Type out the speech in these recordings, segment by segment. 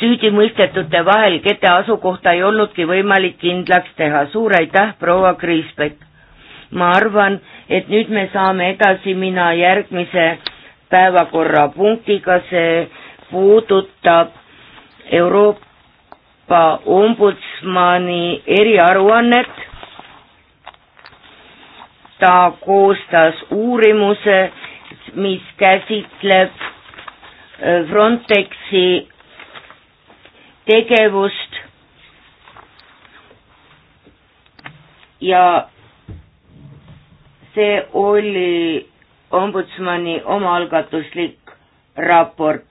süüdimõistetute vahel, kelle asukohta ei olnudki võimalik kindlaks teha. suur aitäh, proua Kriisbeck! ma arvan, et nüüd me saame edasi minna järgmise päevakorrapunktiga, see puudutab Euroopa ombudsmani eriaruannet. ta koostas uurimuse, mis käsitleb Frontexi tegevust ja see oli ombudsmani omaalgatuslik raport.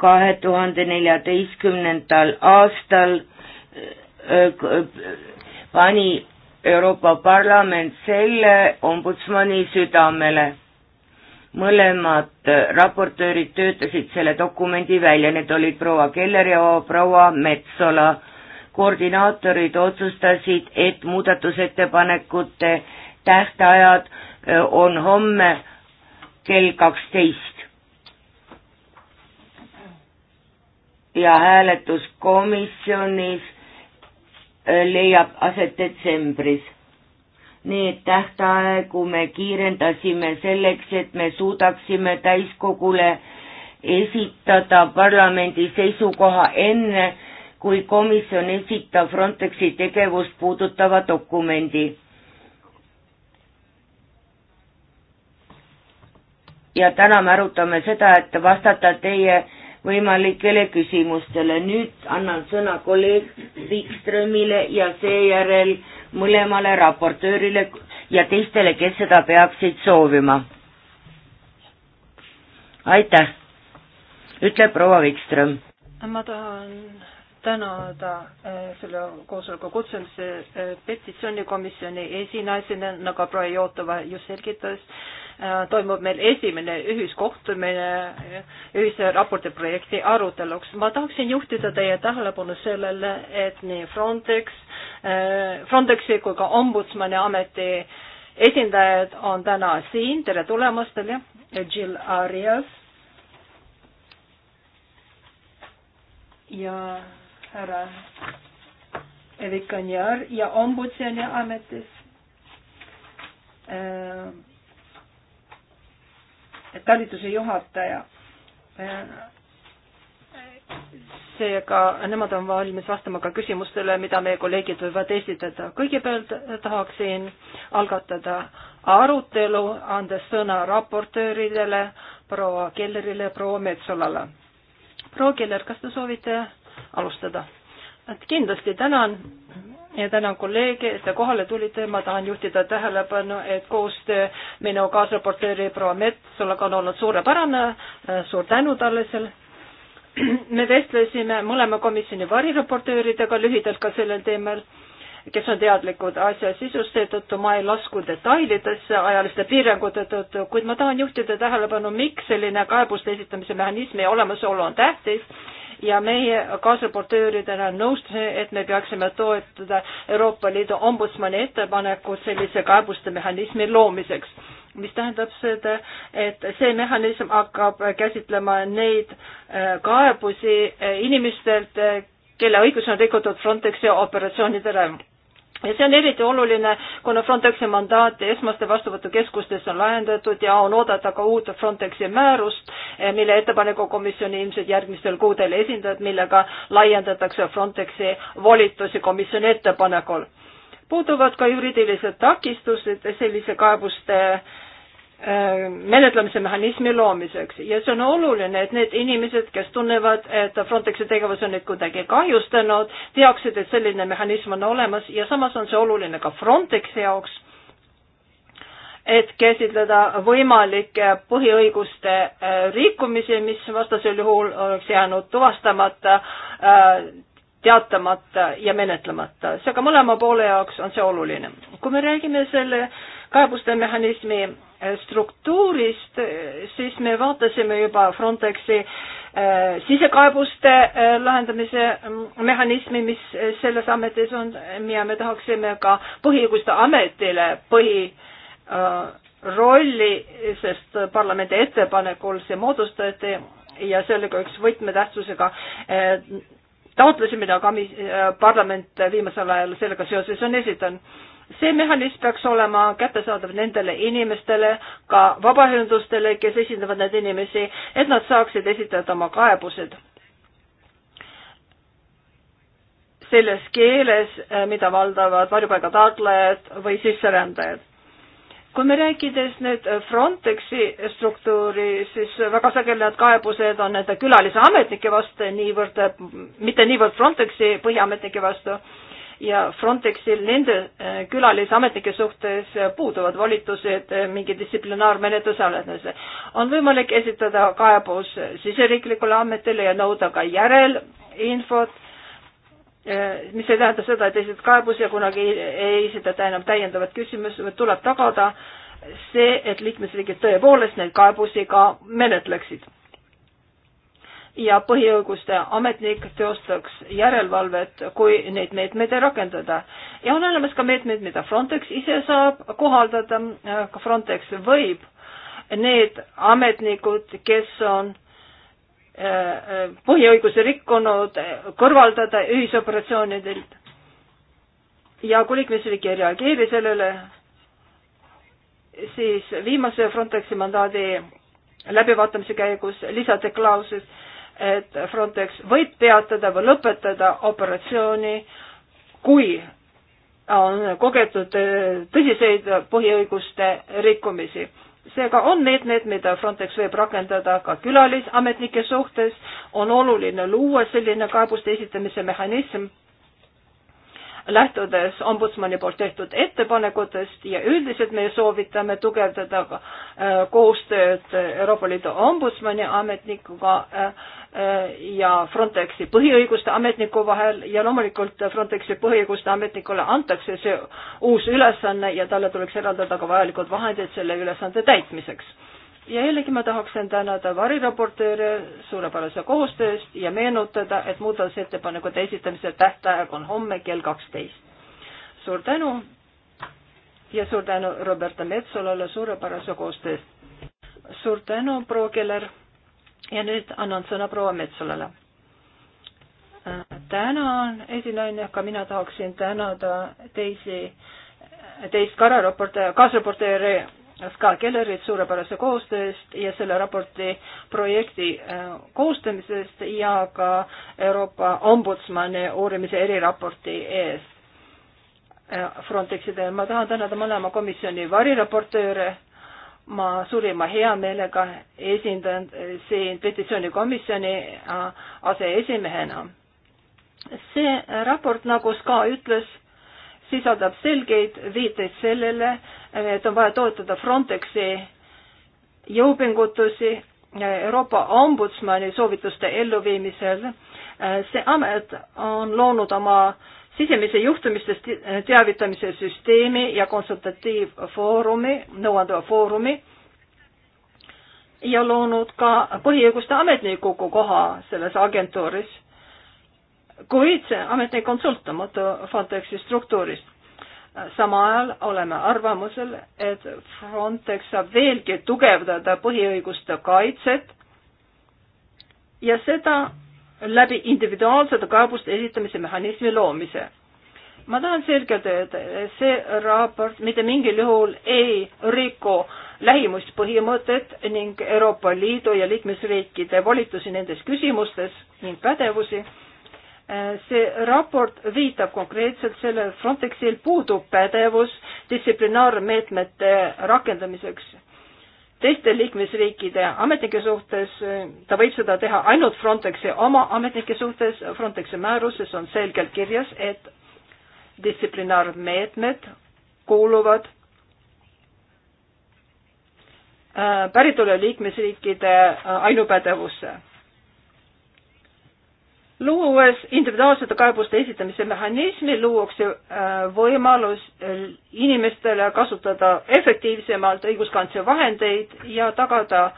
kahe tuhande neljateistkümnendal aastal äh, äh, pani Euroopa Parlament selle ombudsmani südamele mõlemad äh, raportöörid töötasid selle dokumendi välja, need olid proua Keller ja proua Metsola. koordinaatorid otsustasid, et muudatusettepanekute tähtajad äh, on homme kell kaksteist. ja hääletus komisjonis äh, leiab aset detsembris Need tähtaegu me kiirendasime selleks, et me suudaksime täiskogule esitada parlamendi seisukoha enne, kui komisjon esitab Frontexi tegevust puudutava dokumendi. ja täna me arutame seda, et vastata teie võimalikele küsimustele. nüüd annan sõna kolleeg Wikströmile ja seejärel mõlemale raportöörile ja teistele, kes seda peaksid soovima. aitäh, ütleb proua Wikström. ma tahan tänada äh, selle koosoleku kutsumise äh, petitsioonikomisjoni esinaisena, nagu proua Jootova just selgitas toimub meil esimene ühiskohtumine ühise raporti projekti aruteluks. ma tahaksin juhtida teie tähelepanu sellele, et nii Frontex, äh, Frontexi kui ka ombudsmani ameti esindajad on täna siin, tere tulemast teile, Jill Arias ja härra Evikanjar ja ombudsjani ametis äh, talituse juhataja. seega nemad on valmis vastama ka küsimustele, mida meie kolleegid võivad esitada. kõigepealt tahaksin algatada arutelu, andes sõna raportööridele, proua Kellerile, proua Metsolale. proua Keller, kas te soovite alustada? et kindlasti tänan ja tänan kolleege, et te kohale tulite, ma tahan juhtida tähelepanu, et koostöö minu kaasraportööri proua Metsolega on olnud suurepärane, suur tänu talle selle me vestlesime mõlema komisjoni variraportööridega lühidalt ka sellel teemal, kes on teadlikud asja sisust, seetõttu ma ei lasku detailidesse ajaliste piirangute tõttu, kuid ma tahan juhtida tähelepanu, miks selline kaebuste esitamise mehhanismi olemasolu on tähtis ja meie kaasraportööridena nõustusime, et me peaksime toetada Euroopa Liidu ombudsmani ettepanekut sellise kaebuste mehhanismi loomiseks, mis tähendab seda, et see mehhanism hakkab käsitlema neid äh, kaebusi äh, inimestelt, äh, kelle õigusi on rikutud Frontexi operatsioonide raames ja see on eriti oluline, kuna Frontexi mandaat esmaste vastuvõtukeskustes on lahendatud ja on oodata ka uut Frontexi määrust, eh, mille ettepaneku komisjon ilmselt järgmistel kuudel esindab, millega laiendatakse Frontexi volitusi komisjoni ettepanekul. puuduvad ka juriidilised takistused sellise kaebuste Äh, menetlemise mehhanismi loomiseks ja see on oluline, et need inimesed, kes tunnevad, et Frontexi tegevus on neid kuidagi kahjustanud, teaksid, et selline mehhanism on olemas ja samas on see oluline ka Frontexi jaoks, et käsitleda võimalikke põhiõiguste äh, rikkumisi, mis vastasel juhul oleks jäänud tuvastamata, äh, teatamata ja menetlemata. seega mõlema poole jaoks on see oluline. kui me räägime selle kaebuste mehhanismi struktuurist, siis me vaatasime juba Frontexi äh, sisekaebuste äh, lahendamise mm, mehhanismi, mis äh, selles ametis on ja me tahaksime ka põhiõiguste ametile põhirolli, sest parlamendi ettepanekul see moodustati ja see oli ka üks võtmetähtsusega taotlusi, mida ka parlament viimasel ajal sellega seoses on esitanud see mehhanism peaks olema kättesaadav nendele inimestele, ka vabaühendustele, kes esindavad neid inimesi, et nad saaksid esitada oma kaebused selles keeles, eh, mida valdavad varjupaigataotlejad või sisserändajad. kui me rääkides nüüd Frontexi struktuuri, siis väga sageli need kaebused on nende külalise ametnike vastu, niivõrd, mitte niivõrd Frontexi põhiametnike vastu ja Frontexil nende eh, külalisametnike suhtes puuduvad volitused eh, mingi distsiplinaarmenetluse alanes. on võimalik esitada kaebus siseriiklikule ametile ja nõuda ka järelinfot, eh, mis ei tähenda seda, et esitad kaebuse ja kunagi ei, ei esitata enam täiendavat küsimust, tuleb tagada see, et liikmesriigid tõepoolest neid kaebusi ka menetleksid ja põhiõiguste ametnik teostaks järelevalvet, kui neid meetmeid ei rakendada. ja on olemas ka meetmed, mida Frontex ise saab kohaldada, ka Frontex võib need ametnikud, kes on äh, äh, põhiõigusi rikkunud, kõrvaldada ühisoperatsioonidelt. ja kui liikmesriik ei reageeri sellele, siis viimase Frontexi mandaadi läbivaatamise käigus lisati klauslis, et Frontex võib peatada või lõpetada operatsiooni, kui on kogetud äh, tõsiseid põhiõiguste rikkumisi. seega on meetmed, mida Frontex võib rakendada ka külalisametnike suhtes, on oluline luua selline kaebuste esitamise mehhanism, lähtudes ombudsmani poolt tehtud ettepanekutest ja üldiselt me soovitame tugevdada äh, koostööd Euroopa Liidu ombudsmani ametnikuga äh, ja Frontexi põhiõiguste ametniku vahel ja loomulikult Frontexi põhiõiguste ametnikule antakse see uus ülesanne ja talle tuleks eraldada ka vajalikud vahendid selle ülesande täitmiseks. ja jällegi ma tahaksin tänada variraportööre suurepärase koostöö eest ja meenutada, et muudatusettepanekute esitamise tähtaeg on homme kell kaksteist. suur tänu ja suur tänu Roberta Metsolale suurepärase koostöö eest. suur tänu, proua Keller ja nüüd annan sõna proua Metsolale. Äh, tänan, esinaine, ka mina tahaksin tänada teisi, teist kararaportööri, kaasraportööri Ska Kellerit suurepärase koostöö eest ja selle raporti projekti äh, koostamisest ja ka Euroopa ombudsmani uurimise eriraporti eest äh, Frontexi teel. ma tahan tänada mõlema komisjoni variraportööre ma suurima heameelega esindan siin petitsioonikomisjoni äh, aseesimehena. see raport, nagu SKA ütles, sisaldab selgeid viiteid sellele, et on vaja toetada Frontexi jõupingutusi äh, Euroopa ombudsmani soovituste elluviimisel. Äh, see amet on loonud oma sisemise juhtumistest äh, teavitamise süsteemi ja konsultatiivfoorumi, nõuandva foorumi ja loonud ka põhiõiguste ametnikuga koha selles agentuuris, kuid see ametnik on sõltumatu Frontexi struktuurist. sama ajal oleme arvamusel, et Frontex saab veelgi tugevdada põhiõiguste kaitset ja seda läbi individuaalsete kaebuste esitamise mehhanismi loomise ma tahan selgelt öelda, see raport mitte mingil juhul ei riku lähimuspõhimõtet ning Euroopa Liidu ja liikmesriikide volitusi nendes küsimustes ning pädevusi. see raport viitab konkreetselt sellele, et Frontexil puudub pädevus distsiplinaarmeetmete rakendamiseks teiste liikmesriikide ametnike suhtes, ta võib seda teha ainult Frontexi oma ametnike suhtes, Frontexi määruses on selgelt kirjas, et distsiplinaarmeetmed kuuluvad äh, päritolu liikmesriikide äh, ainupädevusse. luues individuaalsete kaebuste esitamise mehhanismi, luuakse äh, võimalus inimestele kasutada efektiivsemalt õiguskantsleri vahendeid ja tagada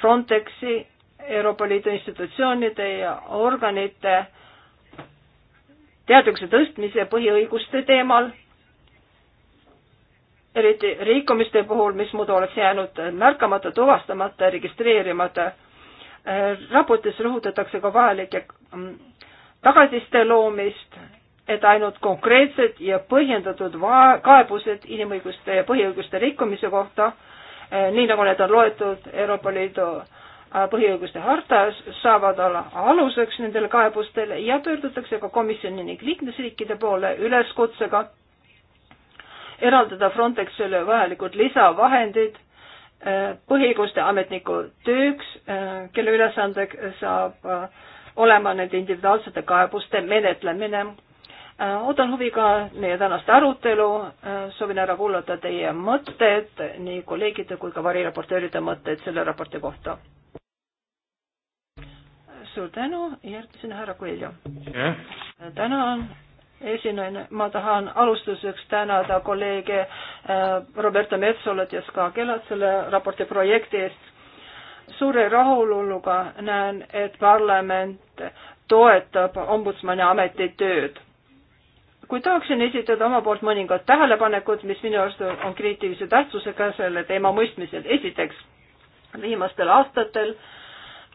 Frontexi, Euroopa Liidu institutsioonide ja organite teadlikkuse tõstmise põhiõiguste teemal, eriti rikkumiste puhul, mis muidu oleks jäänud märkamata, tuvastamata, registreerimata. raportis rõhutatakse ka vajalike mm, tagatiste loomist, et ainult konkreetsed ja põhjendatud kaebused inimõiguste ja põhiõiguste rikkumise kohta, eh, nii nagu need on loetud Euroopa Liidu Äh, põhiõiguste hartas saavad olla aluseks nendele kaebustele ja pöördutakse ka komisjoni ning liikmesriikide poole üleskutsega eraldada Frontexile vajalikud lisavahendid äh, põhiõiguste ametniku tööks, äh, kelle ülesandeks saab olema nende individuaalsete kaebuste menetlemine. ootan huviga meie tänast arutelu, soovin ära kuulata teie mõtted, nii kolleegide kui ka variraportööride mõtted selle raporti kohta suur tänu, järgmisena härra Koeljo yeah.. tänan esinaine, ma tahan alustuseks tänada kolleege äh, Roberta Metsolat ja Ska Kelat selle raporti projekti eest. suure rahuloluga näen, et parlament toetab ombudsmani ametitööd. kuid tahaksin esitada oma poolt mõningad tähelepanekud, mis minu arust on kriitilise tähtsusega selle teema mõistmisel. esiteks, viimastel aastatel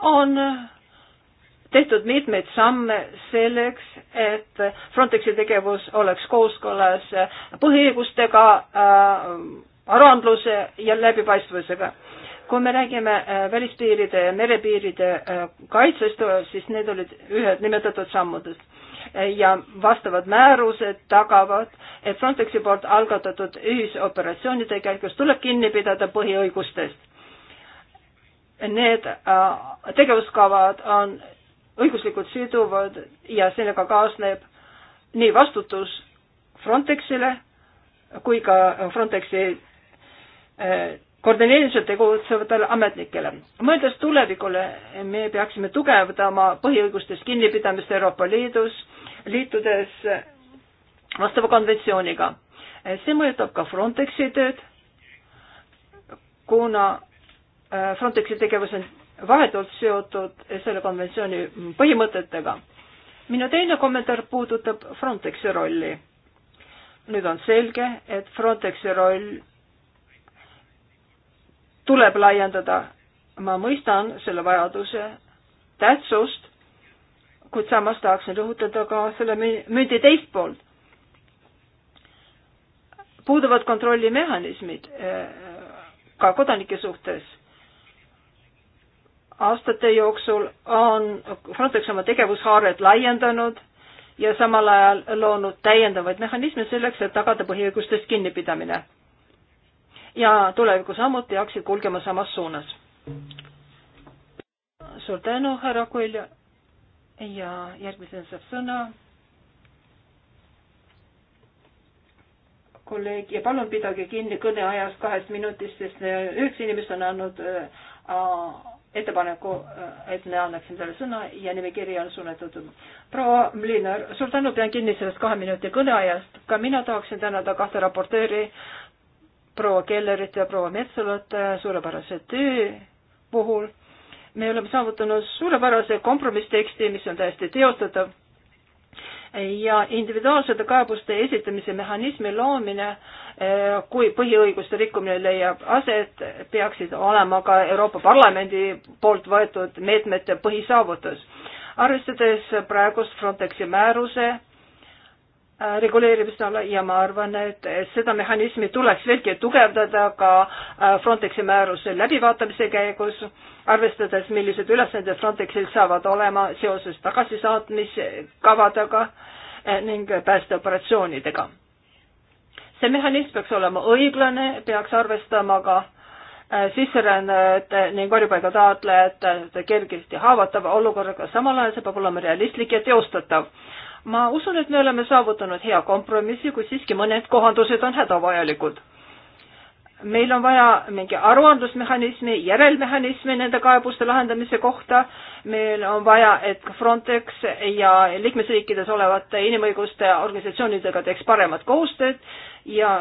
on tehtud mitmeid samme selleks, et Frontexi tegevus oleks kooskõlas põhiõigustega äh,, aruandluse ja läbipaistvusega. kui me räägime äh, välispiiride ja merepiiride äh, kaitsest, siis need olid ühed nimetatud sammudest ja vastavad määrused tagavad, et Frontexi poolt algatatud ühisoperatsioonide käigus tuleb kinni pidada põhiõigustest need äh, tegevuskavad on õiguslikult siduvad ja sellega kaasneb nii vastutus Frontexile kui ka Frontexi eh, koordineerimisel tegutsevatele ametnikele. mõeldes tulevikule, me peaksime tugevdama põhiõigustest kinnipidamist Euroopa Liidus, liitudes vastava konventsiooniga. Eh, see mõjutab ka Frontexi tööd, kuna eh, Frontexi tegevus on vahetult seotud selle konventsiooni põhimõtetega. minu teine kommentaar puudutab Frontexi rolli. nüüd on selge, et Frontexi roll tuleb laiendada. ma mõistan selle vajaduse tähtsust, kuid samas tahaksin rõhutada ka selle mündi teist poolt. puuduvad kontrollimehhanismid äh, ka kodanike suhtes aastate jooksul on Frontex oma tegevushaaret laiendanud ja samal ajal loonud täiendavaid mehhanisme selleks, et tagada põhiõigustest kinnipidamine. ja tulevikus samuti hakkasid kulgema samas suunas. suur tänu, härra Kulja. ja järgmisena saab sõna kolleeg ja palun pidage kinni kõneajast kahest minutist, sest üheksa inimest on andnud äh, ettepaneku, et me annaksime selle sõna ja nimekiri on suunatud. proua Mlinar, suur tänu, pean kinni sellest kahe minuti kõneajast. ka mina tahaksin tänada kahte raportööri, proua Kellerit ja proua Metsalat suurepärase töö puhul. me oleme saavutanud suurepärase kompromissteksti, mis on täiesti teostatav ja individuaalsete kaebuste esitamise mehhanismi loomine, eh, kui põhiõiguste rikkumine leiab aset, peaksid olema ka Euroopa Parlamendi poolt võetud meetmete põhisaavutus. arvestades praegust Frontexi määruse Äh, reguleerimise alla ja ma arvan, et seda mehhanismi tuleks veelgi tugevdada ka äh, Frontexi määruse läbivaatamise käigus, arvestades, millised ülesanded Frontexil saavad olema seoses tagasisaatmiskavadega äh, ning päästeoperatsioonidega. see mehhanism peaks olema õiglane, peaks arvestama ka sisserändajate ning varjupaiga taotlejate kergesti haavatava olukorraga, samal ajal see peab olema realistlik ja teostatav ma usun, et me oleme saavutanud hea kompromissi, kuid siiski mõned kohandused on hädavajalikud. meil on vaja mingi aruandlusmehhanismi, järelmehhanismi nende kaebuste lahendamise kohta, meil on vaja, et Frontex ja liikmesriikides olevate inimõiguste organisatsioonidega teeks paremat koostööd ja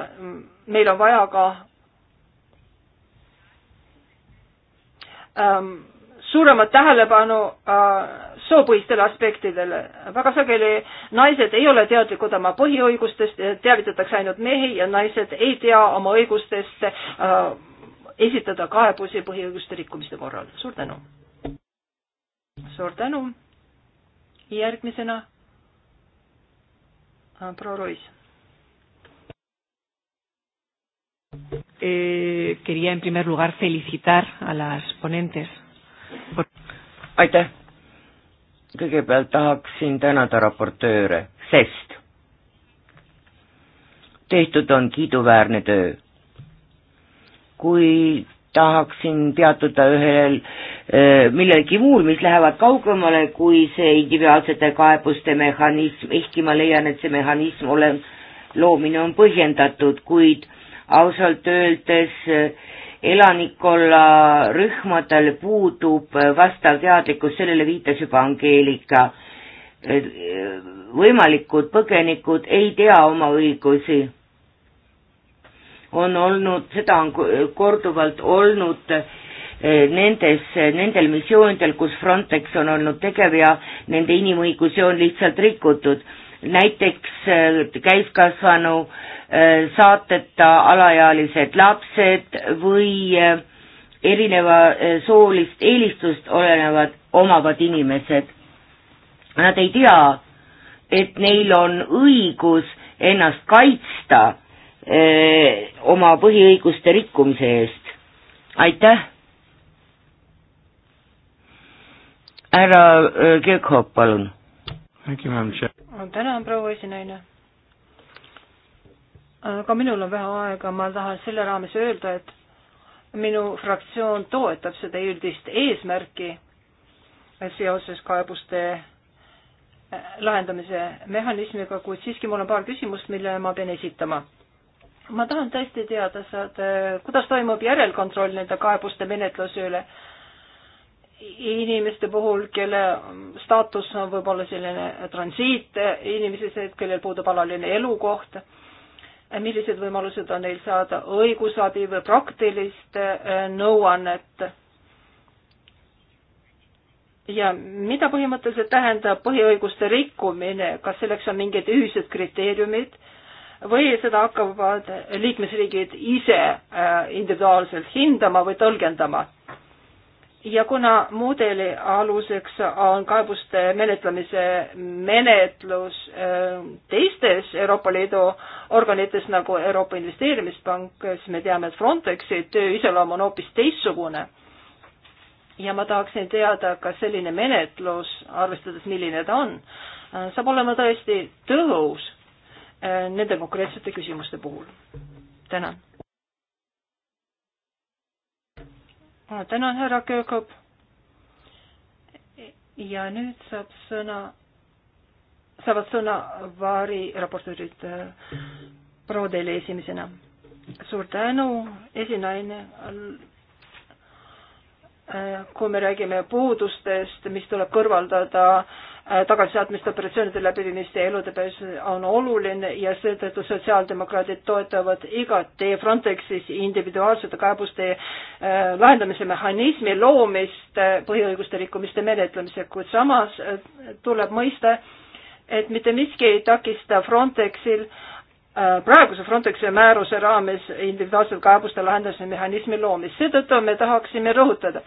meil on vaja ka ähm, suuremat tähelepanu äh, soopõhistele aspektidele. väga sageli naised ei ole teadlikud oma põhiõigustest, teavitatakse ainult mehi ja naised ei tea oma õigustest äh, esitada kaebusi põhiõiguste rikkumiste korral. suur tänu! suur tänu! järgmisena äh, proua Ruiz. Eh, quería en primer lugar felicitar a las ponentes. Por... Aitäh kõigepealt tahaksin tänada raportööre, sest tehtud on kiiduväärne töö. kui tahaksin peatuda ühel eh, millelgi muul, mis lähevad kaugemale kui see individuaalsete kaebuste mehhanism, ehkki ma leian, et see mehhanism ole-, loomine on põhjendatud, kuid ausalt öeldes äh, elanikkonna rühmadel puudub vastav teadlikkus, sellele viitas juba Angeelika. võimalikud põgenikud ei tea oma õigusi. on olnud, seda on korduvalt olnud eh, nendes, nendel missioonidel, kus Frontex on olnud tegev ja nende inimõigusi on lihtsalt rikutud näiteks täiskasvanu äh, äh, saateta alaealised lapsed või äh, erineva soolist eelistust olenevad, omavad inimesed. Nad ei tea, et neil on õigus ennast kaitsta öö, oma põhiõiguste rikkumise eest. aitäh! härra Kirchhoff, palun ma tänan, proua esinaine. ka minul on vähe aega, ma tahan selle raames öelda, et minu fraktsioon toetab seda üldist eesmärki seoses kaebuste äh, lahendamise mehhanismiga, kuid siiski mul on paar küsimust, mille ma pean esitama. ma tahan tõesti teada saada, äh, kuidas toimub järelkontroll nende kaebuste menetluse üle inimeste puhul, kelle staatus on võib-olla selline transiit inimesed, kellel puudub alaline elukoht, millised võimalused on neil saada õigusabi või praktilist äh, nõuannet. ja mida põhimõtteliselt tähendab põhiõiguste rikkumine, kas selleks on mingid ühised kriteeriumid või seda hakkavad liikmesriigid ise äh, individuaalselt hindama või tõlgendama ja kuna mudeli aluseks on kaebuste menetlemise menetlus äh, teistes Euroopa Liidu organites nagu Euroopa Investeerimispank, siis me teame, et Frontexi töö iseloom on hoopis teistsugune. ja ma tahaksin teada, kas selline menetlus, arvestades, milline ta on, äh, saab olema tõesti tõhus äh, nende konkreetsete küsimuste puhul. tänan ma tänan, härra Köökop. ja nüüd saab sõna, saavad sõna Vaari raportöörid äh, proua Teele esimesena. suur tänu, esinaine äh, kui me räägime puudustest, mis tuleb kõrvaldada Äh, tagasisaatmiste operatsioonide läbiviimist ja elude päästmine on oluline ja seetõttu sotsiaaldemokraadid toetavad igati Frontexis individuaalsete kaebuste äh, lahendamise mehhanismi loomist äh, põhiõiguste rikkumiste menetlemisel, kuid samas tuleb mõista, et mitte miski ei takista Frontexil praeguse Frontexi määruse raames individuaalsete kaebuste lahendamise mehhanismi loomist. seetõttu me tahaksime rõhutada,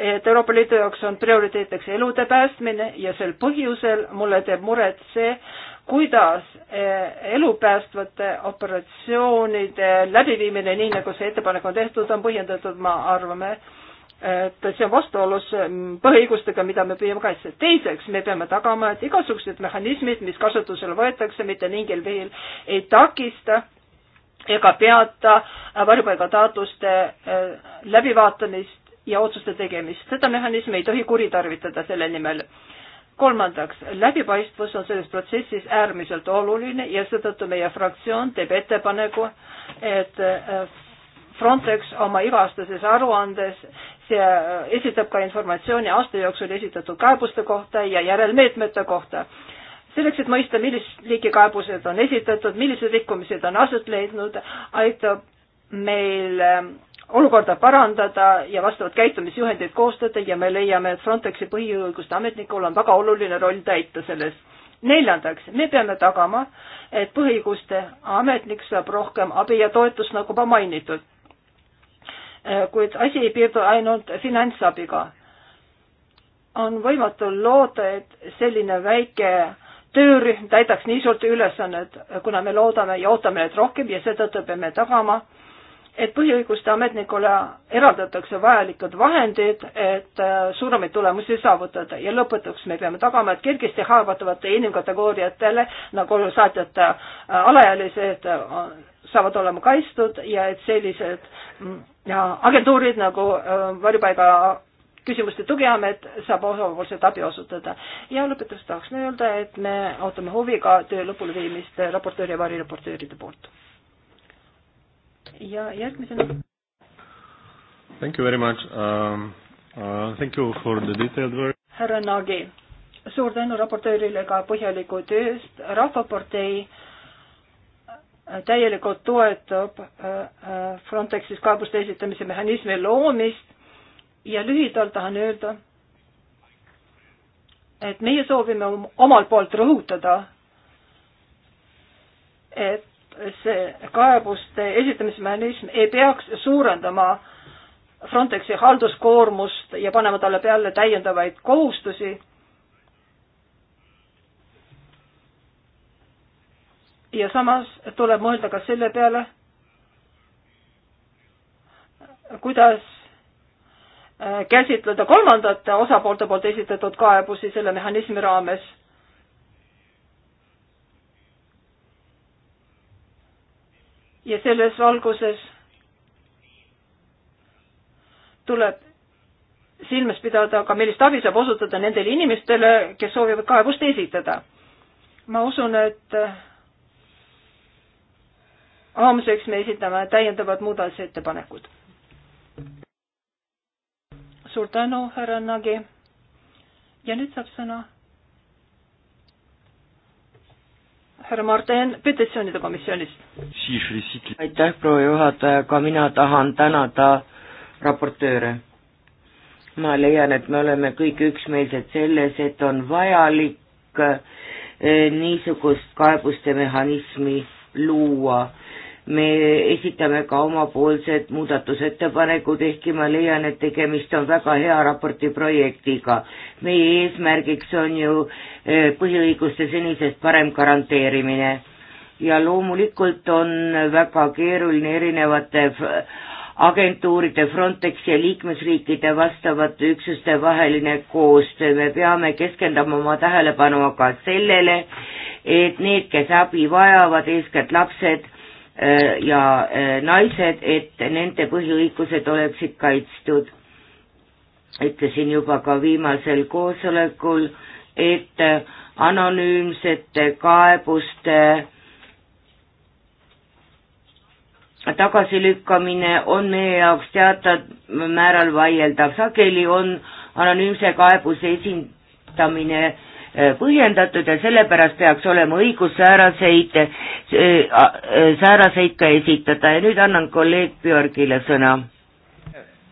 et Euroopa Liidu jaoks on prioriteeteks elude päästmine ja sel põhjusel mulle teeb muret see, kuidas eh, elupäästvate operatsioonide läbiviimine, nii nagu see ettepanek on tehtud, on põhjendatud, ma arvame, et see on vastuolus mm, põhiõigustega, mida me püüame kaitsta. teiseks, me peame tagama, et igasugused mehhanismid, mis kasutusele võetakse, mitte mingil viil ei takista ega peata varjupaigataotluste eh, läbivaatamist ja otsuste tegemist. seda mehhanismi ei tohi kuritarvitada selle nimel. kolmandaks, läbipaistvus on selles protsessis äärmiselt oluline ja seetõttu meie fraktsioon teeb ettepaneku, et äh, Frontex oma iga-aastases aruandes äh, esitab ka informatsiooni aasta jooksul esitatud kaebuste kohta ja järelmeetmete kohta selleks, et mõista, millist liiki kaebused on esitatud, millised rikkumised on aset leidnud, aitab meil äh, olukorda parandada ja vastavad käitumisjuhendid koostada ja me leiame, et Frontexi põhiõiguste ametnikul on väga oluline roll täita selles. neljandaks, me peame tagama, et põhiõiguste ametnik saab rohkem abi ja toetust, nagu juba mainitud. kuid asi ei piirdu ainult finantsabiga. on võimatu loota, et selline väike töörühm täidaks nii suurt ülesannet, kuna me loodame ja ootame neid rohkem ja seetõttu peame tagama, et põhiõiguste ametnikule eraldatakse vajalikud vahendid, et äh, suuremaid tulemusi saavutada ja lõpetuseks me peame tagama, et kergesti haavatavate inimkategooriatele nagu saatjate äh, alaealised äh, saavad olema kaitstud ja et sellised mm, ja agentuurid nagu varjupaiga küsimuste tugiamet saab osapoolset abi osutada. ja lõpetuseks tahaksin öelda, et me ootame huviga töö lõpuleviimist raportööri ja variraportööride poolt ja järgmisena. Thank you very much um,. Uh, thank you for the detailed work. härra Nagi, suur tänu raportöörile ka põhjaliku töö eest. rahvapartei äh, täielikult toetab äh, äh, Frontexis kaebuste esitamise mehhanismi loomist ja lühidalt tahan öelda, et meie soovime omalt poolt rõhutada, et see kaebuste esitamismehhanism ei peaks suurendama Frontexi halduskoormust ja panema talle peale täiendavaid kohustusi. ja samas tuleb mõelda ka selle peale, kuidas äh, käsitleda kolmandate osapoolte poolt esitatud kaebusi selle mehhanismi raames ja selles valguses tuleb silmas pidada ka, millist abi saab osutada nendele inimestele, kes soovivad kaebust esitada. ma usun, et homseks me esitame täiendavad muudatusettepanekud. suur tänu, härra Nagi. ja nüüd saab sõna härra Marten petitsioonide komisjonist. aitäh, proua juhataja, ka mina tahan tänada raportööre. ma leian, et me oleme kõik üksmeelsed selles, et on vajalik eh, niisugust kaebuste mehhanismi luua me esitame ka omapoolsed muudatusettepanekud, ehkki ma leian, et tegemist on väga hea raporti projektiga. meie eesmärgiks on ju eh, põhiõiguste senisest parem garanteerimine ja loomulikult on väga keeruline erinevate agentuuride Frontexi ja liikmesriikide vastavate üksuste vaheline koostöö, me peame keskenduma oma tähelepanu aga sellele, et need, kes abi vajavad, eeskätt lapsed, Äh, ja äh, naised, et nende põhiõigused oleksid kaitstud. ütlesin juba ka viimasel koosolekul, et äh, anonüümsete kaebuste tagasilükkamine on meie jaoks teatav määral vaieldav, sageli on anonüümse kaebuse esindamine Äh, põhjendatud ja sellepärast peaks olema õigus sääraseid, äh, äh, sääraseid ka esitada ja nüüd annan kolleeg Björgile sõna.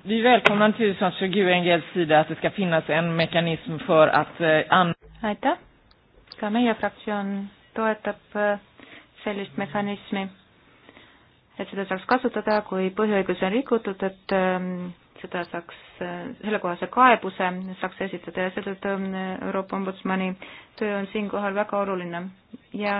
Vi välkomnar naturligtvis från 20 NGLs sida att det ska finnas en mekanism för att eh, an... Aitäh! Ka meie fraktsioon toetab eh, sellist mekanismi, et seda saaks kasutada, kui põhiõigus on rikutud, et eh, seda saaks, sellekohase kaebuse saaks esitada ja seetõttu ähm, Euroopa Ombudsmani töö on siinkohal väga oluline ja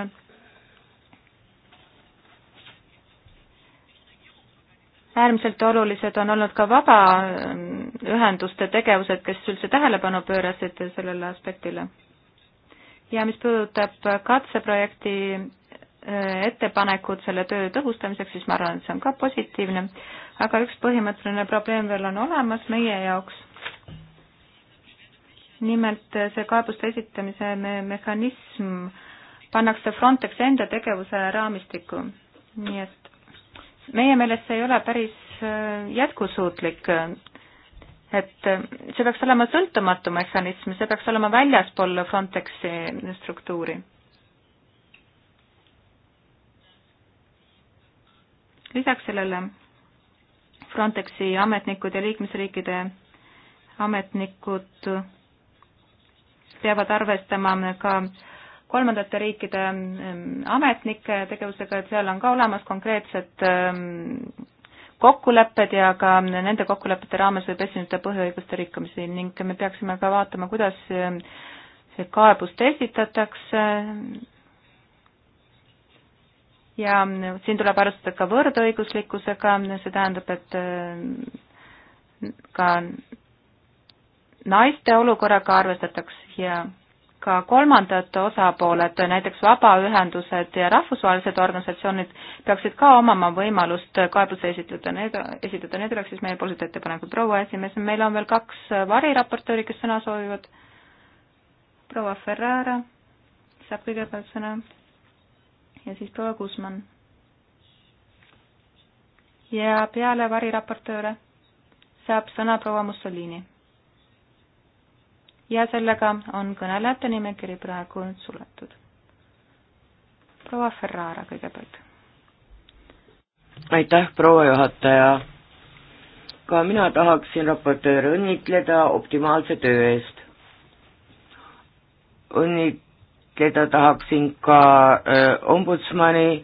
äärmiselt olulised on olnud ka vabaühenduste ähm, tegevused, kes üldse tähelepanu pöörasid sellele aspektile. ja mis puudutab katseprojekti äh, ettepanekud selle töö tõhustamiseks, siis ma arvan, et see on ka positiivne aga üks põhimõtteline probleem veel on olemas meie jaoks. nimelt see kaebuste esitamise me mehhanism pannakse Frontexi enda tegevuse raamistikku, nii et meie meelest see ei ole päris äh, jätkusuutlik, et see peaks olema sõltumatu mehhanism, see peaks olema väljaspool Frontexi struktuuri. lisaks sellele Frontexi ametnikud ja liikmesriikide ametnikud peavad arvestama ka kolmandate riikide mm, ametnike tegevusega, et seal on ka olemas konkreetsed mm, kokkulepped ja ka nende kokkulepete raames võib esineda põhiõiguste rikkumisi ning me peaksime ka vaatama, kuidas mm, see kaebust esitatakse ja mm, siin tuleb arvestada ka võrdõiguslikkusega, see tähendab, et mm, ka naiste olukorraga arvestatakse ja ka kolmandad osapooled, näiteks vabaühendused ja rahvusvahelised organisatsioonid peaksid ka omama võimalust kaebuse esitada, need, esitada, need oleks siis meiepoolsed ettepanekud. proua esimees, meil on veel kaks variraportööri, kes sõna soovivad. proua Ferrara saab kõigepealt sõna ja siis proua Kusman. ja peale variraportööre saab sõna proua Mussolini. ja sellega on kõnelejate nimekiri praegu suletud. proua Ferrara kõigepealt. aitäh, proua juhataja. ka mina tahaksin raportööre õnnitleda optimaalse töö eest. õnnit-, õnnitleda tahaksin ka äh, ombudsmani,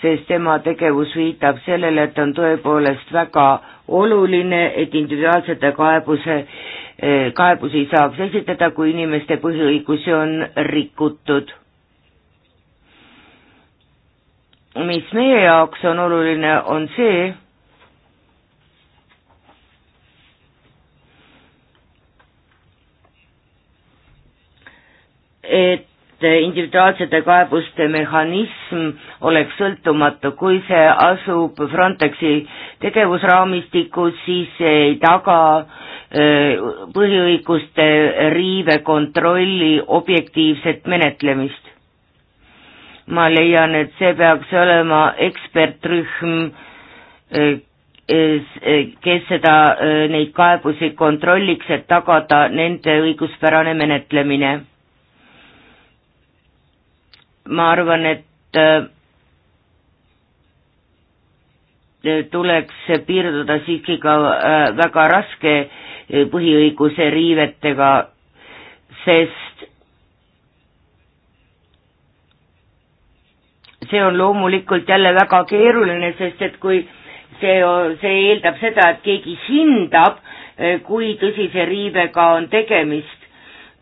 sest tema tegevus viitab sellele, et on tõepoolest väga oluline, et individuaalsete kaebuse, äh, kaebusi saaks esitada, kui inimeste põhiõigusi on rikutud. mis meie jaoks on oluline, on see, et individuaalsete kaebuste mehhanism oleks sõltumatu, kui see asub Frontexi tegevusraamistikus, siis see ei taga äh, põhiõiguste riive kontrolli objektiivset menetlemist. ma leian, et see peaks olema ekspertrühm, äh, äh, kes seda, neid kaebusi kontrolliks, et tagada nende õiguspärane menetlemine ma arvan, et äh, tuleks piirduda siiski ka äh, väga raske äh, põhiõiguse riivetega, sest see on loomulikult jälle väga keeruline, sest et kui see, see eeldab seda, et keegi hindab, kui tõsise riivega on tegemist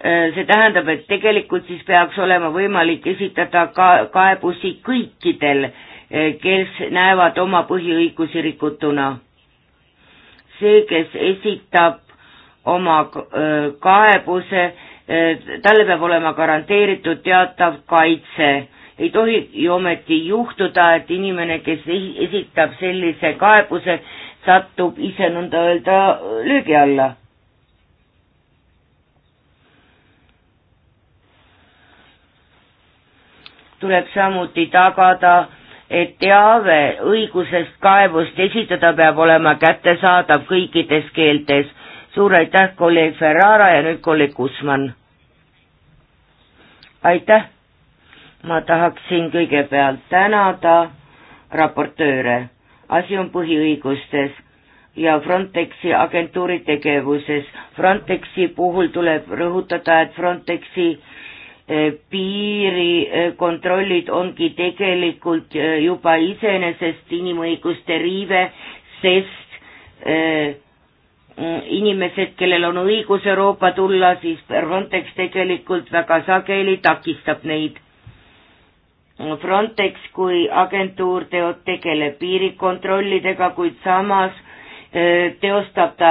Äh, see tähendab, et tegelikult siis peaks olema võimalik esitada ka kaebusi kõikidel, äh, kes näevad oma põhiõigusi rikutuna. see, kes esitab oma äh, kaebuse, talle peab olema garanteeritud teatav kaitse. ei tohi ju ometi juhtuda, et inimene, kes esitab sellise kaebuse, satub ise nõnda öelda löögi alla tuleb samuti tagada, et teave õigusest kaebust esitada peab olema kättesaadav kõikides keeltes. suur aitäh, kolleeg Ferrara ja nüüd kolleeg Kusman. aitäh, ma tahaksin kõigepealt tänada raportööre, asi on põhiõigustes ja Frontexi agentuuri tegevuses. Frontexi puhul tuleb rõhutada, et Frontexi Eh, piirikontrollid eh, ongi tegelikult eh, juba iseenesest inimõiguste riive, sest mm, inimesed, kellel on õigus Euroopa tulla, siis Frontex tegelikult väga sageli takistab neid. Frontex kui agentuur teod tegeleb piirikontrollidega, kuid samas teostab ta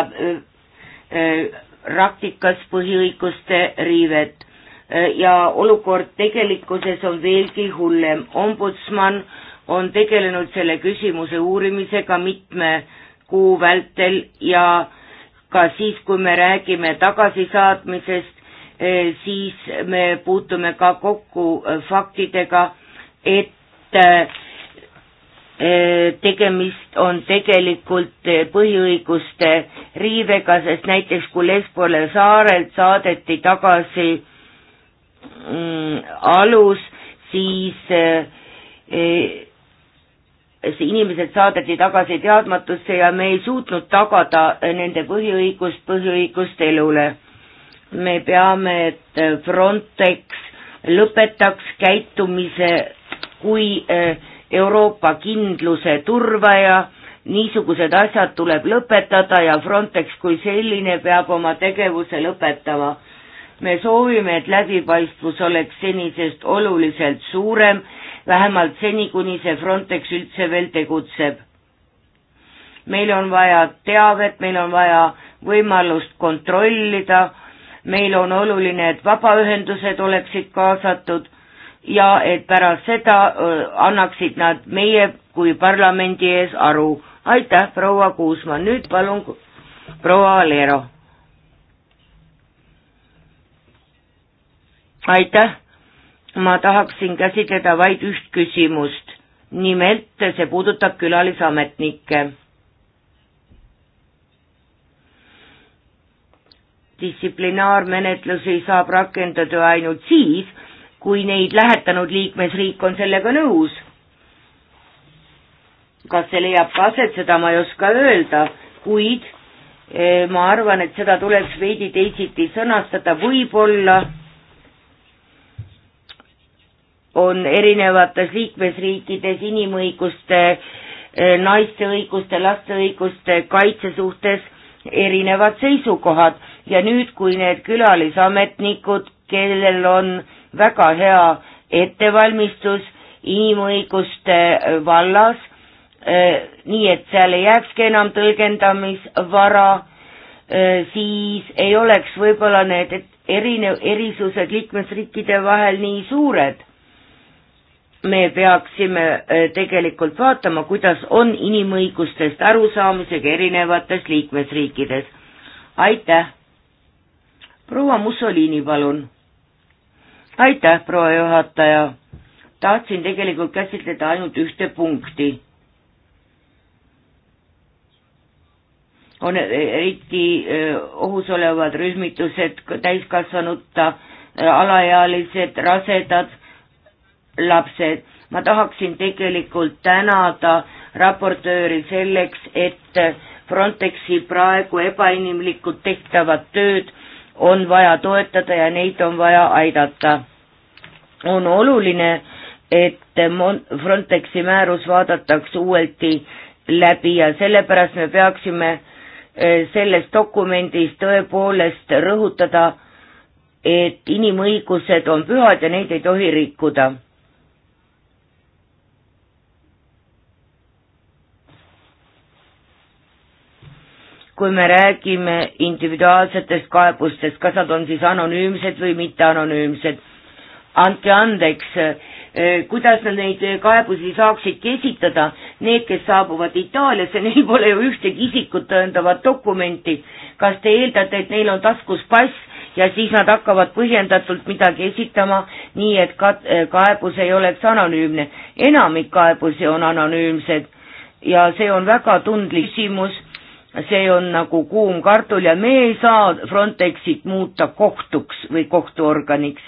praktikas põhiõiguste riivet Eh, ja olukord tegelikkuses on veelgi hullem. ombudsman on tegelenud selle küsimuse uurimisega mitme kuu vältel ja ka siis, kui me räägime tagasisaatmisest, eh, siis me puutume ka kokku eh, faktidega, et tegemist on tegelikult põhiõiguste riivega, sest näiteks kui Lesbole saarelt saadeti tagasi Mm, alus, siis eh, eh, see inimesed saadeti tagasi teadmatusse ja me ei suutnud tagada eh, nende põhiõigust, põhiõigust elule. me peame, et Frontex lõpetaks käitumise kui Euroopa kindluse turvaja, niisugused asjad tuleb lõpetada ja Frontex kui selline peab oma tegevuse lõpetama me soovime, et läbipaistvus oleks senisest oluliselt suurem, vähemalt seni, kuni see Frontex üldse veel tegutseb. meil on vaja teavet, meil on vaja võimalust kontrollida, meil on oluline, et vabaühendused oleksid kaasatud ja et pärast seda äh, annaksid nad meie kui parlamendi ees aru. aitäh, proua Kuusma, nüüd palun proua Alero aitäh, ma tahaksin käsitleda vaid üht küsimust, nimelt see puudutab külalisametnikke. distsiplinaarmenetlusi saab rakendada ainult siis, kui neid lähetanud liikmesriik on sellega nõus. kas see leiab ka aset, seda ma ei oska öelda, kuid eh, ma arvan, et seda tuleks veidi teisiti sõnastada, võib-olla on erinevates liikmesriikides inimõiguste, eh, naiste õiguste, laste õiguste kaitse suhtes erinevad seisukohad ja nüüd, kui need külalisametnikud, kellel on väga hea ettevalmistus inimõiguste eh, vallas, eh, nii et seal ei jääkski enam tõlgendamisvara, siis ei oleks võib-olla need erinev, erisused liikmesriikide vahel nii suured me peaksime eh, tegelikult vaatama, kuidas on inimõigustest arusaamisega erinevates liikmesriikides. aitäh! proua Mussolini, palun! aitäh, proua juhataja! tahtsin tegelikult käsitleda ainult ühte punkti. on eriti eh, ohus olevad rühmitused, täiskasvanute eh, alaealised, rasedad lapsed. ma tahaksin tegelikult tänada raportööri selleks, et Frontexi praegu ebainimlikult tehtavat tööd on vaja toetada ja neid on vaja aidata. on oluline, et Frontexi määrus vaadatakse uuelti läbi ja sellepärast me peaksime eh, selles dokumendis tõepoolest rõhutada, et inimõigused on pühad ja neid ei tohi rikkuda. kui me räägime individuaalsetest kaebustest, kas nad on siis anonüümsed või mitteanonüümsed. andke andeks, eh, kuidas nad neid eh, kaebusi saaksidki esitada, need, kes saabuvad Itaaliasse, neil pole ju ühtegi isikut tõendavat dokumenti. kas te eeldate, et neil on taskus pass ja siis nad hakkavad põhjendatult midagi esitama, nii et ka-, eh, kaebus ei oleks anonüümne. enamik kaebusi on anonüümsed ja see on väga tundlik küsimus see on nagu kuum kartul ja me ei saa Frontexit muuta kohtuks või kohtuorganiks.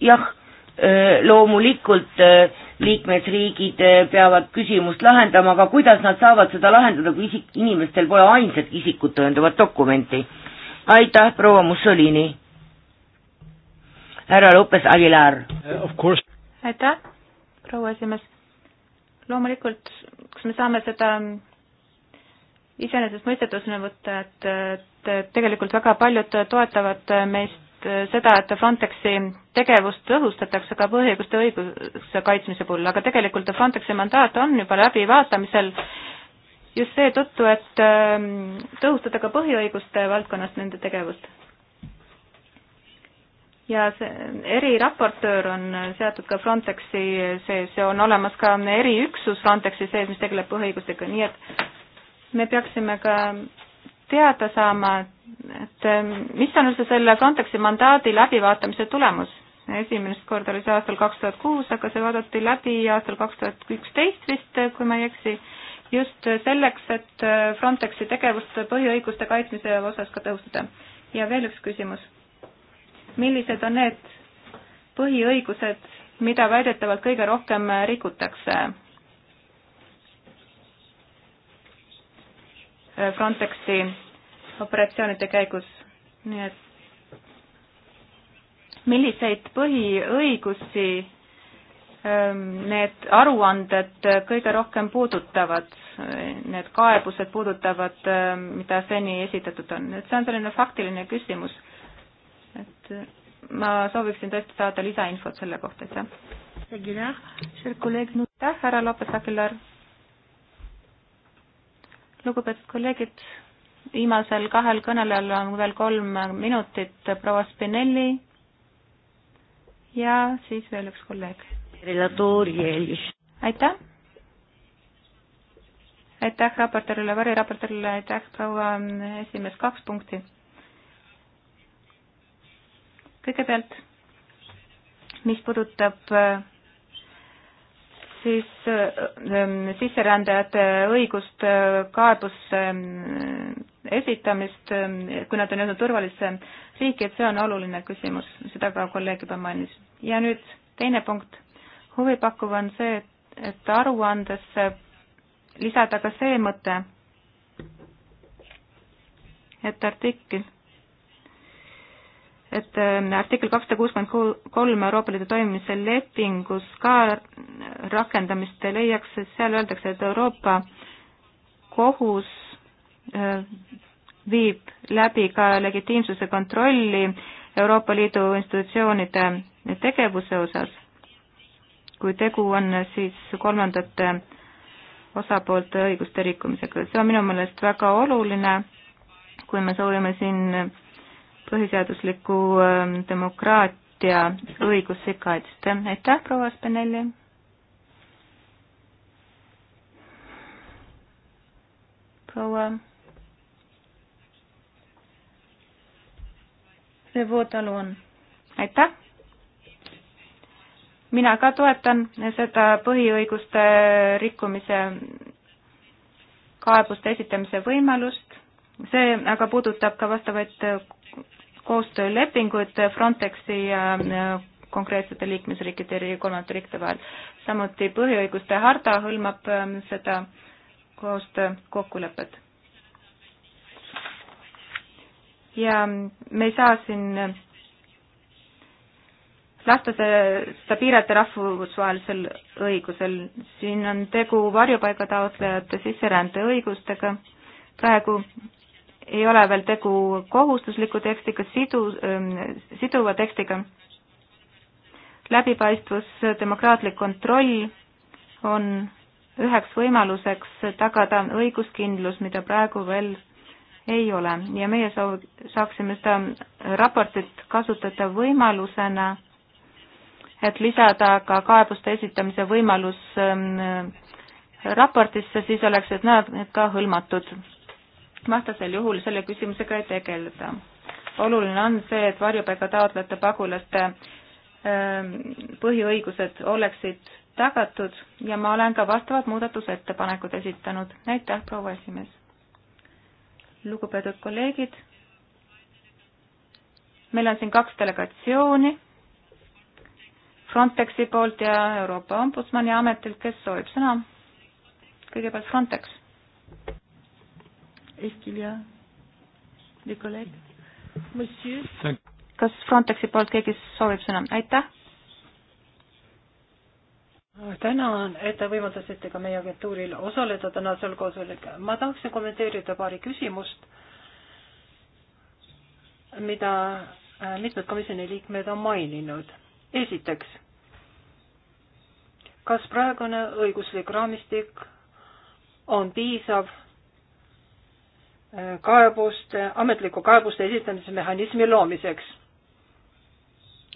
jah, loomulikult liikmesriigid peavad küsimust lahendama, aga kuidas nad saavad seda lahendada, kui isik, inimestel pole ainsat isikut tõendavat dokumenti? aitäh, proua Mussolini. härra Lopez Aguilar. aitäh, proua esimees loomulikult, kas me saame seda iseenesestmõistetusena võtta, et, et tegelikult väga paljud toetavad meist seda, et Frontexi tegevust õhustatakse ka põhiõiguste õiguse kaitsmise puhul, aga tegelikult Frontexi mandaat on juba läbivaatamisel just seetõttu, et ähm, tõhustada ka põhiõiguste valdkonnas nende tegevust ja see eriraportöör on seatud ka Frontexi sees ja on olemas ka eriüksus Frontexi sees, mis tegeleb põhiõigustega, nii et me peaksime ka teada saama, et eh, mis on üldse selle Frontexi mandaadi läbivaatamise tulemus. esimest korda oli see aastal kaks tuhat kuus, aga see vaadati läbi aastal kaks tuhat üksteist vist, kui ma ei eksi, just selleks, et eh, Frontexi tegevust põhiõiguste kaitsmise osas ka tõhustada. ja veel üks küsimus millised on need põhiõigused, mida väidetavalt kõige rohkem rikutakse Frontexi operatsioonide käigus, nii et milliseid põhiõigusi ähm, need aruanded kõige rohkem puudutavad, need kaebused puudutavad, ähm, mida seni esitatud on, et see on selline faktiline küsimus et äh, ma sooviksin tõesti saada lisainfot selle kohta, aitäh. aitäh, härra Lopez-Aguilar. lugupeetud kolleegid, viimasel kahel kõnelejal on veel kolm minutit, proua Spinelli ja siis veel üks kolleeg. aitäh. aitäh raportöörile, variraportöörile, aitäh proua mm, esimees, kaks punkti kõigepealt, mis puudutab äh, siis äh, ähm, sisserändajate õigust äh, kaebusse ähm, esitamist, ähm, kui nad on jõudnud turvalisse riiki, et see on oluline küsimus, seda ka kolleeg juba mainis. ja nüüd teine punkt, huvipakkuv on see, et, et aruandesse lisada ka see mõte, et artikkel et äh, artikkel kakssada kuuskümmend kolm Euroopa Liidu toimimise lepingus ka rakendamist leiaks, seal öeldakse, et Euroopa kohus äh, viib läbi ka legitiimsuse kontrolli Euroopa Liidu institutsioonide tegevuse osas, kui tegu on siis kolmandate osapoolte õiguste rikkumisega. see on minu meelest väga oluline, kui me soovime siin põhiseadusliku ähm, demokraatia õigusi kaitsta. aitäh, proua Spinelli! proua Revotalu on. aitäh! mina ka toetan seda põhiõiguste rikkumise kaebuste esitamise võimalust, see aga puudutab ka vastavaid koostöölepingud Frontexi ja konkreetsete liikmesriikide ja kolmandate riikide vahel. samuti põhiõiguste harta hõlmab ähm, seda koostöökokkulepet. ja me ei saa siin lasta seda piirata rahvusvahelisel õigusel. siin on tegu varjupaigataotlejate sisserände õigustega. praegu ei ole veel tegu kohustusliku tekstiga, sidu, ähm, siduva tekstiga. läbipaistvus, demokraatlik kontroll on üheks võimaluseks tagada õiguskindlus, mida praegu veel ei ole ja meie soov, saaksime seda raportit kasutada võimalusena, et lisada ka kaebuste esitamise võimalus ähm, raportisse, siis oleks need ka hõlmatud vastasel juhul selle küsimusega ei tegeleda. oluline on see, et varjupaiga taotlejate pagulaste ähm, põhiõigused oleksid tagatud ja ma olen ka vastavad muudatusettepanekud esitanud. aitäh, proua esimees! lugupeetud kolleegid, meil on siin kaks delegatsiooni Frontexi poolt ja Euroopa Ombudsmani ametilt, kes soovib sõna? kõigepealt Frontex Est-ce qu'il y a des collègues Monsieur kas Frontexi poolt keegi soovib sõna? aitäh! Ah, tänan, et te võimaldasite ka meie agentuuril osaleda tänasel koosolekul. ma tahaksin kommenteerida paari küsimust, mida äh, mitmed komisjoni liikmed on maininud. esiteks, kas praegune õiguslik raamistik on piisav kaebuste, ametliku kaebuste esitamise mehhanismi loomiseks.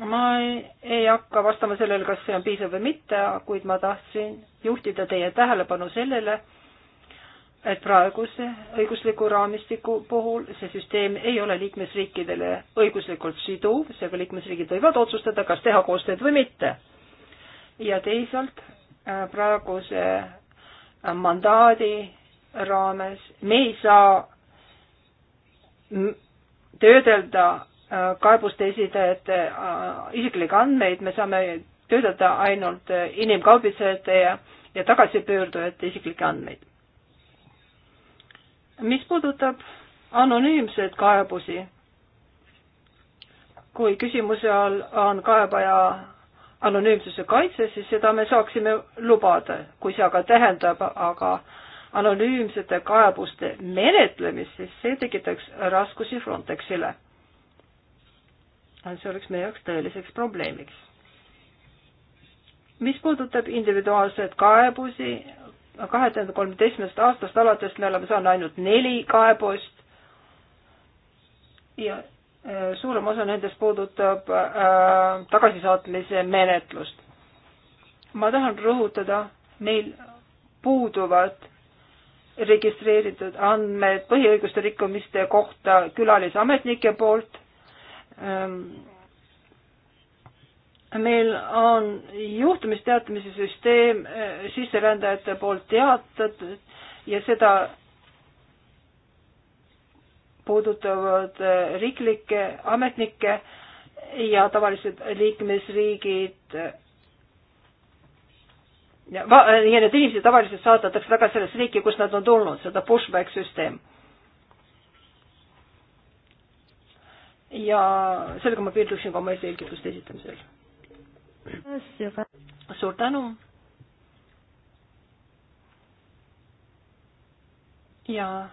ma ei, ei hakka vastama sellele, kas see on piisav või mitte, kuid ma tahtsin juhtida teie tähelepanu sellele, et praeguse õigusliku raamistiku puhul see süsteem ei ole liikmesriikidele õiguslikult siduv, seega liikmesriigid võivad otsustada, kas teha koostööd või mitte. ja teisalt äh, praeguse äh, mandaadi raames me ei saa töödelda äh, kaebuste esitajate äh, isiklikke andmeid, me saame töödelda ainult äh, inimkaubitsejate ja, ja tagasipöördujate isiklikke andmeid. mis puudutab anonüümseid kaebusi, kui küsimuse all on kaebaja anonüümsuse kaitse, siis seda me saaksime lubada, kui see aga tähendab aga äh, anonüümsete kaebuste menetlemist, siis see tekitaks raskusi Frontexile. see oleks meie jaoks tõeliseks probleemiks. mis puudutab individuaalseid kaebusi, kahe tuhande kolmeteistkümnendast aastast alates me oleme saanud ainult neli kaebust ja äh, suurem osa nendest puudutab äh, tagasisaatmise menetlust. ma tahan rõhutada, meil puuduvad registreeritud andmed põhiõiguste rikkumiste kohta külalisametnike poolt. Ähm, meil on juhtumisteatamise süsteem äh, sisserändajate poolt teatatud ja seda puudutavad äh, riiklikke ametnikke ja tavalised liikmesriigid äh, ja äh, need inimesed tavaliselt saadetakse tagasi sellesse riiki, kust nad on tulnud, seda pushback süsteem. ja sellega ma piirduksin ka oma selgituste esitamisel. suur tänu. ja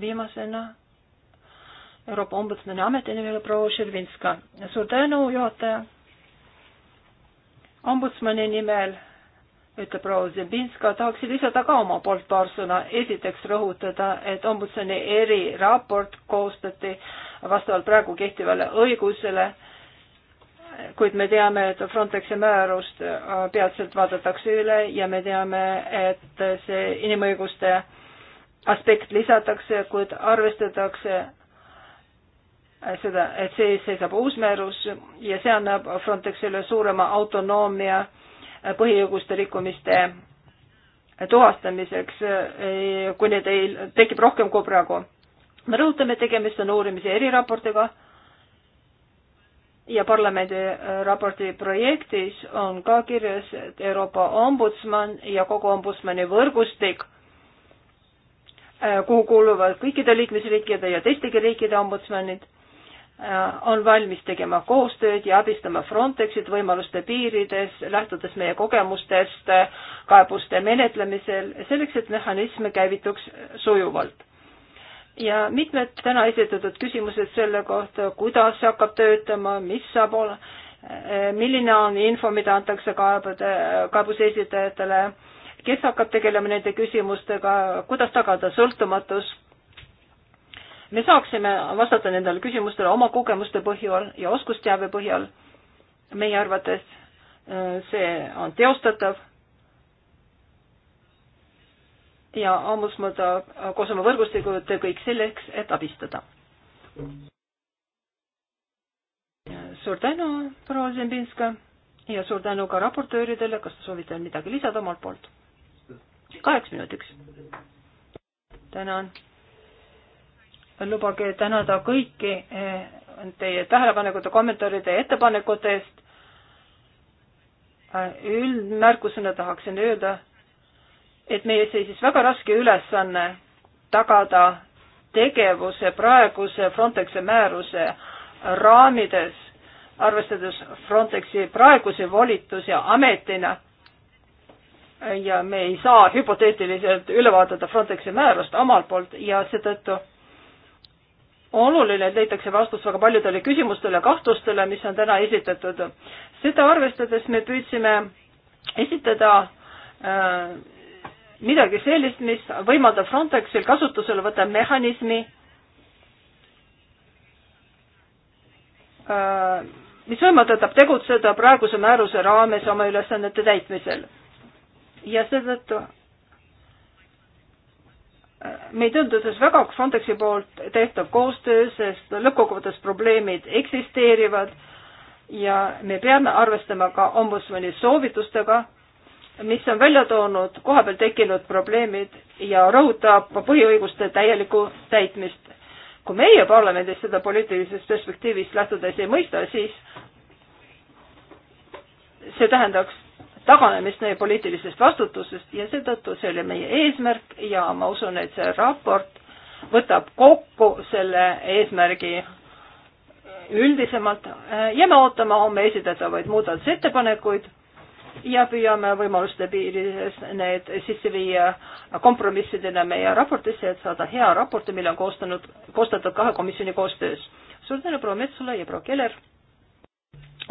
viimasena Euroopa Ombudsmani ametinimene proua Šervinska. suur tänu, juhataja. ombudsmani nimel ütleb proua Zembinska, tahaksin lisada ka oma poolt paar sõna. esiteks rõhutada, et ombudsmani eriraport koostati vastavalt praegu kehtivale õigusele, kuid me teame, et Frontexi määrust äh, peatselt vaadatakse üle ja me teame, et see inimõiguste aspekt lisatakse, kuid arvestatakse äh, seda, et see seisab uus määrus ja see annab Frontexile suurema autonoomia põhiõiguste rikkumiste tuvastamiseks, kui neid ei, tekib rohkem kui praegu. me rõhutame, tegemist on uurimise eriraportiga ja parlamendi raporti projektis on ka kirjas, et Euroopa ombudsman ja kogu ombudsmani võrgustik, kuhu kuuluvad kõikide liikmesriikide ja teistegi riikide ombudsmanid, Äh, on valmis tegema koostööd ja abistama Frontexit võimaluste piirides, lähtudes meie kogemustest äh, kaebuste menetlemisel, selleks et mehhanism käivituks sujuvalt. ja mitmed täna esitatud küsimused selle kohta, kuidas see hakkab töötama, mis saab olema, äh, milline on info, mida antakse kaebude, kaebuse esitajatele, kes hakkab tegelema nende küsimustega, kuidas tagada sõltumatus, me saaksime vastata nendele küsimustele oma kogemuste põhjal ja oskusteabe põhjal. meie arvates äh, see on teostatav. ja Ammusmõõda äh, koos oma võrgustikuga teeb kõik selleks, et abistada. suur tänu, proua Zembinska ja suur tänu ka raportööridele, kas te soovite midagi lisada omalt poolt? kaheks minutiks. tänan lubage tänada kõiki eh, teie tähelepanekute, kommentaaride ja ettepanekute eest. üldmärkusena tahaksin öelda, et meie seisis väga raske ülesanne tagada tegevuse praeguse Frontexi määruse raamides, arvestades Frontexi praegusi volitusi ametina ja me ei saa hüpoteetiliselt üle vaadata Frontexi määrust omalt poolt ja seetõttu oluline, et leitakse vastus väga paljudele küsimustele, kahtlustele, mis on täna esitatud. seda arvestades me püüdsime esitada äh, midagi sellist, mis võimaldab Frontexil kasutusele võtta mehhanismi äh,, mis võimaldab tegutseda praeguse määruse raames oma ülesannete täitmisel. ja seetõttu meid tundus väga Frontexi poolt tehtav koostöö, sest lõppkokkuvõttes probleemid eksisteerivad ja me peame arvestama ka ombudsmani soovitustega, mis on välja toonud kohapeal tekkinud probleemid ja rõhutab põhiõiguste täielikku täitmist. kui meie parlamendis seda poliitilisest perspektiivist lähtudes ei mõista, siis see tähendaks taganemist meie poliitilisest vastutusest ja seetõttu see oli meie eesmärk ja ma usun, et see raport võtab kokku selle eesmärgi üldisemalt. jääme ootama homme esitatavaid muudatusettepanekuid ja püüame võimaluste piirides need sisse viia kompromissidena meie raportisse, et saada hea raporti, mille on koostanud, koostatud kahe komisjoni koostöös. suur tänu, proua Metsula ja proua Keller!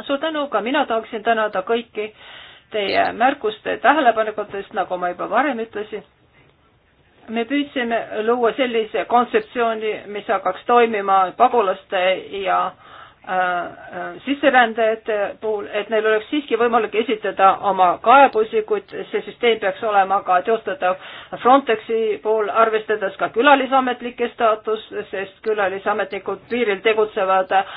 suur tänu, ka mina tahaksin tänada kõiki teie märkuste ja tähelepanekutest, nagu ma juba varem ütlesin. me püüdsime luua sellise kontseptsiooni, mis hakkaks toimima pagulaste ja Äh, äh, sisserändajate puhul, et neil oleks siiski võimalik esitada oma kaebusi, kuid see süsteem peaks olema ka teostatav Frontexi pool, arvestades ka külalisametnike staatust, sest külalisametnikud piiril tegutsevad äh,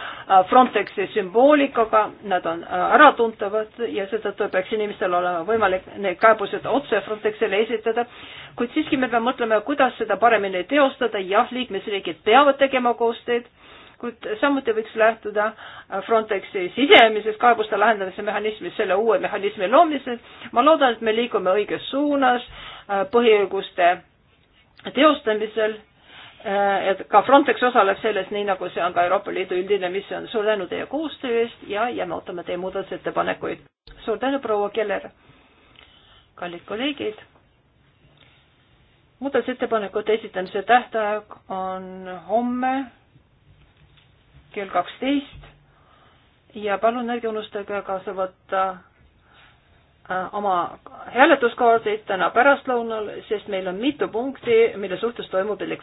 Frontexi sümboolikaga, nad on äratuntavad ja seetõttu peaks inimestel olema võimalik need kaebused otse Frontexile esitada. kuid siiski me peame mõtlema, kuidas seda paremini teostada, jah, liikmesriigid peavad tegema koostööd kuid samuti võiks lähtuda Frontexi sisemisest kaebuste lahendamise mehhanismist, selle uue mehhanismi loomisel. ma loodan, et me liigume õiges suunas äh, põhiõiguste teostamisel, äh, et ka Frontex osaleb selles, nii nagu see on ka Euroopa Liidu üldine missioon. suur tänu teie koostöö eest ja jääme ootama teie muudatusettepanekuid. suur tänu, proua Keller. kallid kolleegid muudatusettepanekute esitamise tähtaeg on homme kell kaksteist ja palun ärge unustage kaasa võtta äh, oma hääletuskaardid täna pärastlõunal, sest meil on mitu punkti, mille suhtes toimub elektrooniline